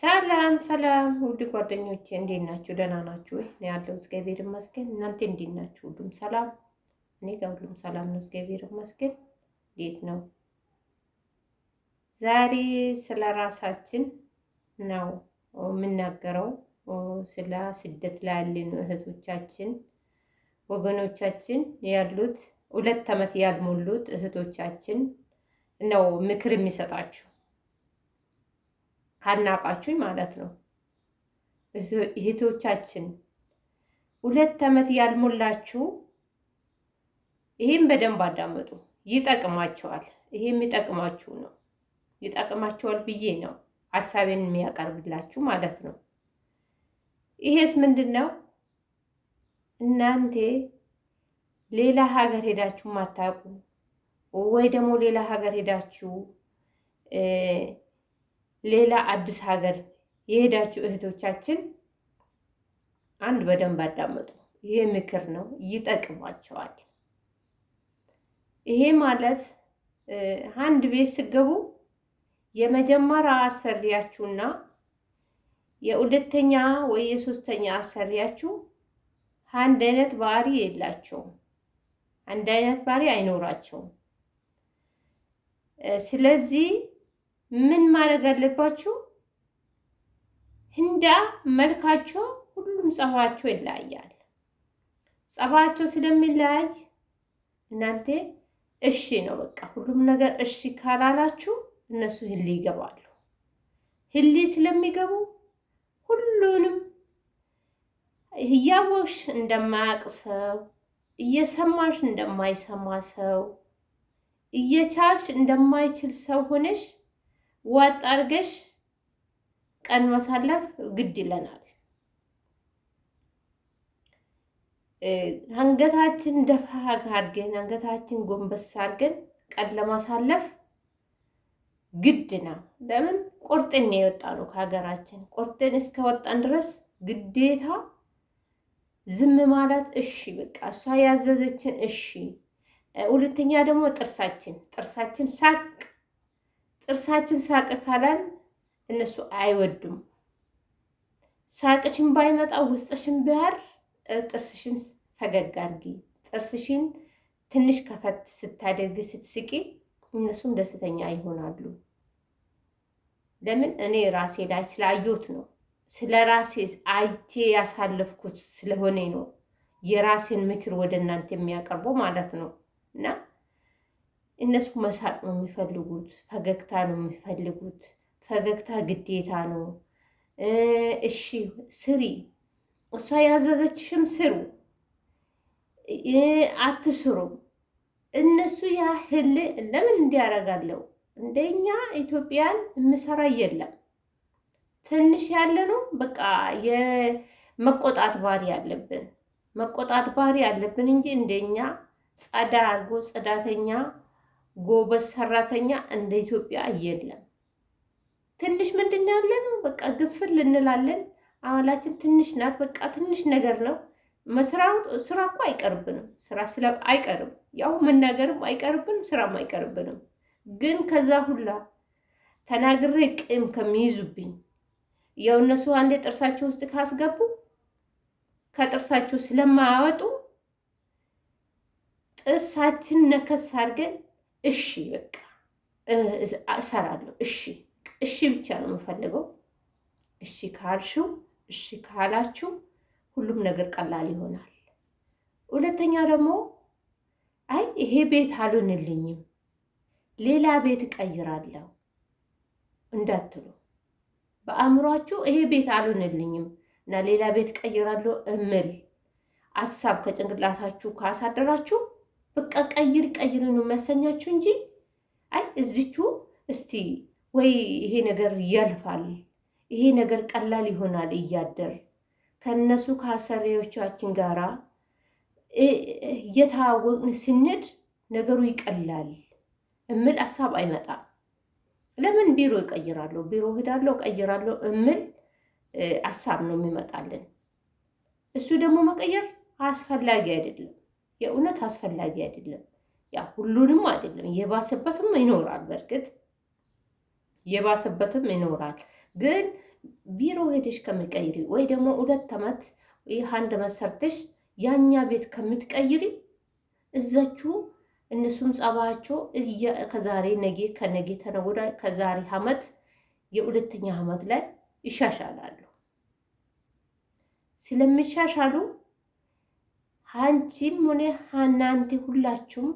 ሰላም ሰላም ውድ ጓደኞቼ እንዴት ናችሁ? ደህና ናችሁ ወይ? እኔ ያለው እግዚአብሔር ይመስገን። እናንተ እንዴት ናችሁ? ሁሉም ሰላም? እኔ ጋር ሁሉም ሰላም ነው፣ እግዚአብሔር ይመስገን። እንዴት ነው? ዛሬ ስለ ራሳችን ነው የምናገረው፣ ስለ ስደት ላይ ያለን እህቶቻችን ወገኖቻችን ያሉት ሁለት ዓመት ያልሞሉት እህቶቻችን ነው ምክር የሚሰጣችሁ ካናቃችሁኝ ማለት ነው። እህቶቻችን ሁለት ዓመት ያልሞላችሁ ይህም በደንብ አዳመጡ፣ ይጠቅማቸዋል። ይሄ የሚጠቅማችሁ ነው፣ ይጠቅማቸዋል ብዬ ነው ሀሳቤን የሚያቀርብላችሁ ማለት ነው። ይሄስ ምንድን ነው? እናንተ ሌላ ሀገር ሄዳችሁ ማታውቁ ወይ ደግሞ ሌላ ሀገር ሄዳችሁ ሌላ አዲስ ሀገር የሄዳችሁ እህቶቻችን አንድ በደንብ አዳመጡ። ይሄ ምክር ነው፣ ይጠቅማቸዋል። ይሄ ማለት አንድ ቤት ስገቡ የመጀመሪያ አሰሪያችሁና የሁለተኛ ወይ የሶስተኛ አሰሪያችሁ አንድ አይነት ባህሪ የላቸውም። አንድ አይነት ባህሪ አይኖራቸውም። ስለዚህ ምን ማድረግ አለባችሁ? ህንዳ መልካቸው ሁሉም ጸባቸው ይለያያል። ጸባቸው ስለሚለያይ እናንተ እሺ ነው በቃ ሁሉም ነገር እሺ ካላላችሁ እነሱ ህሊ ይገባሉ። ህሊ ስለሚገቡ ሁሉንም እያወቅሽ እንደማያውቅ ሰው፣ እየሰማሽ እንደማይሰማ ሰው፣ እየቻልሽ እንደማይችል ሰው ሆነሽ ዋጥ አድርገሽ ቀን ማሳለፍ ግድ ይለናል። አንገታችን ደፋ አድርገን አንገታችን ጎንበስ አድርገን ቀን ለማሳለፍ ግድ ነው። ለምን ቆርጥን የወጣ ነው ከሀገራችን። ቆርጥን እስከወጣን ድረስ ግዴታ ዝም ማለት እሺ፣ በቃ እሷ ያዘዘችን እሺ። ሁለተኛ ደግሞ ጥርሳችን ጥርሳችን ሳቅ ጥርሳችን ሳቅ ካላል እነሱ አይወዱም። ሳቅሽን ባይመጣ ውስጥሽን ቢያር ጥርስሽን ፈገግ አድርጊ። ጥርስሽን ትንሽ ከፈት ስታደርጊ ስትስቂ እነሱም ደስተኛ ይሆናሉ። ለምን እኔ ራሴ ላይ ስላየሁት ነው። ስለ ራሴ አይቼ ያሳለፍኩት ስለሆነ ነው የራሴን ምክር ወደ እናንተ የሚያቀርበው ማለት ነው እና እነሱ መሳቅ ነው የሚፈልጉት፣ ፈገግታ ነው የሚፈልጉት። ፈገግታ ግዴታ ነው። እሺ ስሪ፣ እሷ ያዘዘችሽም ስሩ፣ አትስሩ። እነሱ ያህል ለምን እንዲያረጋለው? እንደኛ ኢትዮጵያን የምሰራ የለም ትንሽ ያለ ነው። በቃ የመቆጣት ባህሪ ያለብን መቆጣት ባህሪ ያለብን እንጂ እንደኛ ጸዳ አድርጎ ጽዳተኛ ጎበዝ ሰራተኛ እንደ ኢትዮጵያ የለም። ትንሽ ምንድን ነው ያለ ነው በቃ ግፍል እንላለን። አመላችን ትንሽ ናት። በቃ ትንሽ ነገር ነው መስራት። ስራ እኮ አይቀርብንም። ስራ ስለ አይቀርም ያው መናገርም አይቀርብንም፣ ስራም አይቀርብንም። ግን ከዛ ሁላ ተናግሬ ቂም ከሚይዙብኝ ያው እነሱ አንዴ ጥርሳቸው ውስጥ ካስገቡ ከጥርሳቸው ስለማያወጡ ጥርሳችን ነከስ አድርገን እሺ በቃ እሰራለሁ፣ እሺ እሺ ብቻ ነው የምፈልገው። እሺ ካልሽው፣ እሺ ካላችሁ ሁሉም ነገር ቀላል ይሆናል። ሁለተኛ ደግሞ አይ ይሄ ቤት አልሆንልኝም፣ ሌላ ቤት እቀይራለሁ እንዳትሉ። በአእምሯችሁ ይሄ ቤት አልሆንልኝም እና ሌላ ቤት እቀይራለሁ እምል አሳብ ከጭንቅላታችሁ ካሳደራችሁ በቃ ቀይር ቀይር ነው የሚያሰኛችሁ እንጂ አይ እዚቹ እስቲ ወይ ይሄ ነገር ያልፋል፣ ይሄ ነገር ቀላል ይሆናል እያደር ከነሱ ከአሰሪዎቻችን ጋራ እየተዋወቅን ስንድ ነገሩ ይቀላል እምል ሀሳብ አይመጣም። ለምን ቢሮ ይቀይራለሁ፣ ቢሮ ሄዳለሁ፣ ቀይራለሁ እምል ሀሳብ ነው የሚመጣልን። እሱ ደግሞ መቀየር አስፈላጊ አይደለም። የእውነት አስፈላጊ አይደለም። ያ ሁሉንም አይደለም። የባሰበትም ይኖራል። በእርግጥ የባሰበትም ይኖራል። ግን ቢሮ ሄደሽ ከምትቀይሪ ወይ ደግሞ ሁለት ዓመት ይህ አንድ ዓመት ያኛ ቤት ከምትቀይሪ እዛችሁ እነሱም ጸባያቸው ከዛሬ ነጌ ከነጌ ተነወዳ ከዛሬ ዓመት የሁለተኛ ዓመት ላይ ይሻሻላሉ ስለሚሻሻሉ አንቺም ሆነ እናንተ ሁላችሁም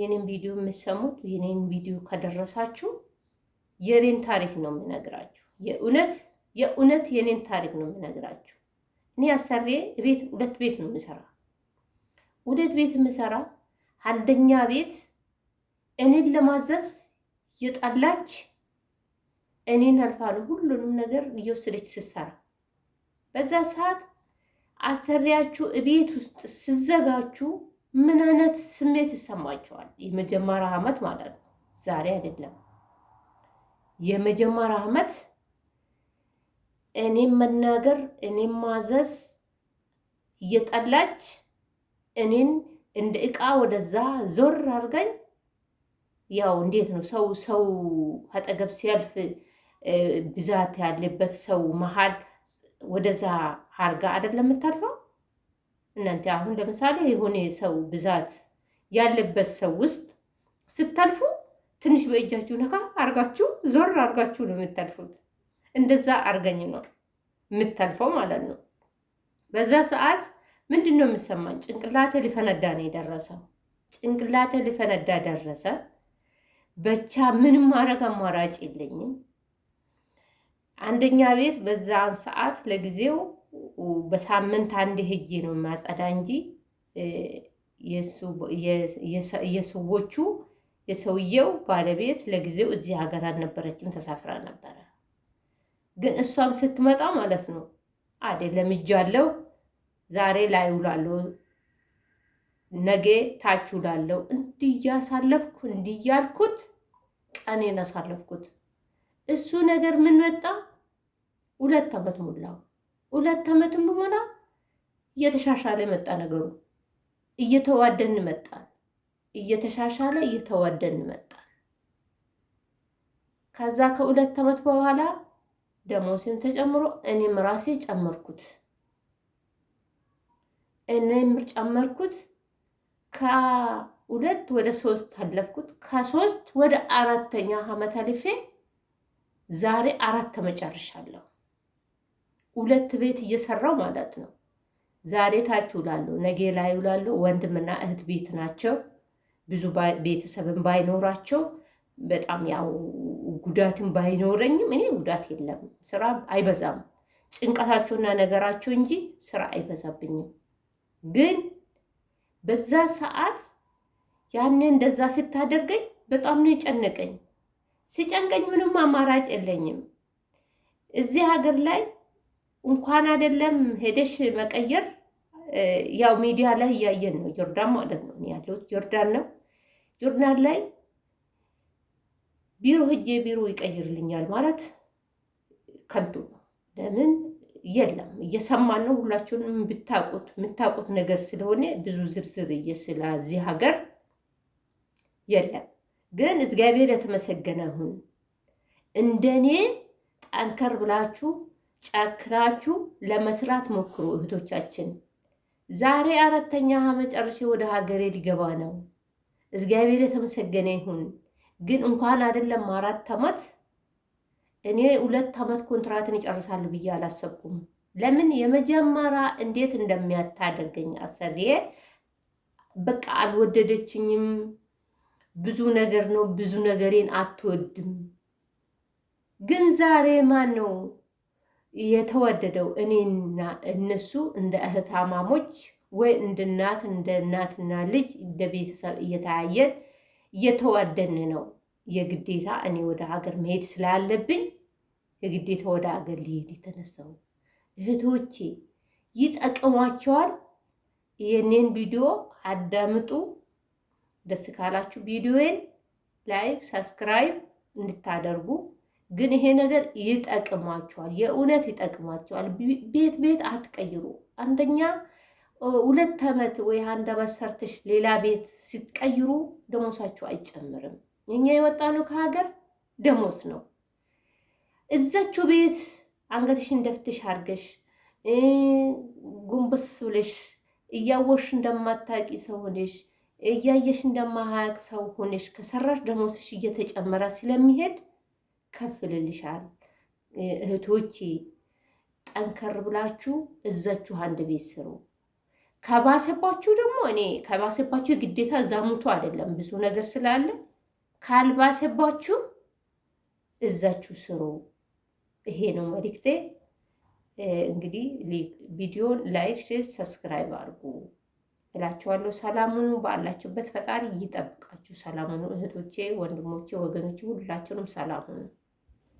የኔን ቪዲዮ የምትሰሙት የኔን ቪዲዮ ከደረሳችሁ የኔን ታሪክ ነው የምነግራችሁ። የእውነት የእውነት የኔን ታሪክ ነው የምነግራችሁ። እኔ አሰሬ ቤት ሁለት ቤት ነው የምሰራ ሁለት ቤት የምሰራ አንደኛ ቤት እኔን ለማዘዝ የጠላች እኔን አልፋ ነው ሁሉንም ነገር እየወሰደች ስሰራ በዛ ሰዓት አሰሪያችሁ እቤት ውስጥ ስዘጋችሁ ምን አይነት ስሜት ይሰማቸዋል? የመጀመሪያ ዓመት ማለት ነው። ዛሬ አይደለም የመጀመሪያ ዓመት እኔም መናገር እኔም ማዘዝ እየጠላች እኔን እንደ እቃ ወደዛ ዞር አድርገኝ። ያው እንዴት ነው ሰው ሰው አጠገብ ሲያልፍ ብዛት ያለበት ሰው መሀል ወደዛ አርጋ አይደለም የምታልፈው? እናንተ አሁን ለምሳሌ የሆነ ሰው ብዛት ያለበት ሰው ውስጥ ስታልፉ ትንሽ በእጃችሁ ነካ አርጋችሁ ዞር አርጋችሁ ነው የምታልፉት። እንደዛ አርገኝ ነው የምታልፈው ማለት ነው። በዛ ሰዓት ምንድን ነው የምሰማኝ? ጭንቅላተ ሊፈነዳ ነው የደረሰው። ጭንቅላተ ሊፈነዳ ደረሰ። በቻ ምንም ማድረግ አማራጭ የለኝም። አንደኛ ቤት በዛን ሰዓት ለጊዜው በሳምንት አንድ ህጌ ነው የማጸዳ እንጂ የሰዎቹ የሰውየው ባለቤት ለጊዜው እዚህ ሀገር አልነበረችም፣ ተሳፍራ ነበረ። ግን እሷም ስትመጣ ማለት ነው አይደለም እጃለው ዛሬ ላይ ውላለሁ፣ ነገ ታች ውላለሁ፣ እንዲያሳለፍኩ እንዲያልኩት ቀኔን አሳለፍኩት። እሱ ነገር ምን መጣ? ሁለት ዓመት ሞላው። ሁለት በኋላ እየተሻሻለ መጣ ነገሩ። እየተዋደን መጣን። እየተሻሻለ እየተዋደን መጣን። ከዛ ከሁለት ዓመት በኋላ ደሞሴም ተጨምሮ እኔም ራሴ ጨመርኩት። እኔም ጨመርኩት። ከሁለት ወደ ሶስት አለፍኩት። ከሶስት ወደ አራተኛ ዓመት አልፌ ዛሬ አራት ተመጨርሻለሁ። ሁለት ቤት እየሰራው ማለት ነው። ዛሬ ታች ውላለሁ፣ ነገ ላይ ውላለሁ። ወንድምና እህት ቤት ናቸው። ብዙ ቤተሰብን ባይኖራቸው በጣም ያው ጉዳትን ባይኖረኝም እኔ ጉዳት የለም፣ ስራ አይበዛም። ጭንቀታቸውና ነገራቸው እንጂ ስራ አይበዛብኝም። ግን በዛ ሰዓት ያን እንደዛ ስታደርገኝ በጣም ነው የጨነቀኝ። ሲጨንቀኝ ምንም አማራጭ የለኝም እዚህ ሀገር ላይ እንኳን አይደለም ሄደሽ መቀየር ያው ሚዲያ ላይ እያየን ነው። ጆርዳን ማለት ነው ያለሁት ጆርዳን ነው። ጆርዳን ላይ ቢሮ ህጄ ቢሮ ይቀይርልኛል ማለት ከንቱ ነው። ለምን የለም እየሰማን ነው። ሁላችሁንም ብታውቁት የምታውቁት ነገር ስለሆነ ብዙ ዝርዝር ስለዚህ ሀገር የለም። ግን እግዚአብሔር የተመሰገነ ሁን እንደኔ ጠንከር ብላችሁ ጨክራችሁ ለመስራት ሞክሩ እህቶቻችን። ዛሬ አራተኛ ጨርሼ ወደ ሀገሬ ሊገባ ነው። እግዚአብሔር የተመሰገነ ይሁን። ግን እንኳን አይደለም አራት ዓመት እኔ ሁለት ዓመት ኮንትራትን ይጨርሳሉ ብዬ አላሰብኩም። ለምን የመጀመሪያ እንዴት እንደሚያታደርገኝ አሰሪዬ በቃ አልወደደችኝም። ብዙ ነገር ነው፣ ብዙ ነገሬን አትወድም። ግን ዛሬ ማን ነው የተወደደው እኔና እነሱ እንደ እህታማሞች ወይ እንደ እናት እንደ እናትና ልጅ እንደ ቤተሰብ እየተያየን እየተዋደን ነው። የግዴታ እኔ ወደ ሀገር መሄድ ስላለብኝ የግዴታ ወደ ሀገር ሊሄድ የተነሳው እህቶቼ ይጠቅሟቸዋል። ይህንን ቪዲዮ አዳምጡ። ደስ ካላችሁ ቪዲዮዬን ላይክ፣ ሰብስክራይብ እንድታደርጉ ግን ይሄ ነገር ይጠቅማቸዋል። የእውነት ይጠቅማቸዋል። ቤት ቤት አትቀይሩ። አንደኛ ሁለት ዓመት ወይ አንድ ዓመት ሰርተሽ ሌላ ቤት ስትቀይሩ ደሞሳቸው አይጨምርም። እኛ የወጣነው ከሀገር ደሞስ ነው። እዛችው ቤት አንገትሽን ደፍትሽ አድርገሽ ጉንብስ ብለሽ እያወሽ እንደማታቂ ሰው ሆነሽ እያየሽ እንደማያቅ ሰው ሆነሽ ከሰራሽ ደሞስሽ እየተጨመረ ስለሚሄድ ከፍ ልልሻል። እህቶቼ ጠንከር ብላችሁ እዛችሁ አንድ ቤት ስሩ። ከባሰባችሁ ደግሞ እኔ ከባሰባችሁ ግዴታ እዛ ሙቱ አይደለም፣ ብዙ ነገር ስላለ ካልባሰባችሁ እዛችሁ ስሩ። ይሄ ነው መልክቴ። እንግዲህ ቪዲዮን ላይክ፣ ሼር፣ ሰብስክራይብ አድርጉ እላችኋለሁ። ሰላሙኑ ባላችሁበት ፈጣሪ ይጠብቃችሁ። ሰላሙኑ እህቶቼ፣ ወንድሞቼ፣ ወገኖቼ ሁላችሁንም ሰላሙኑ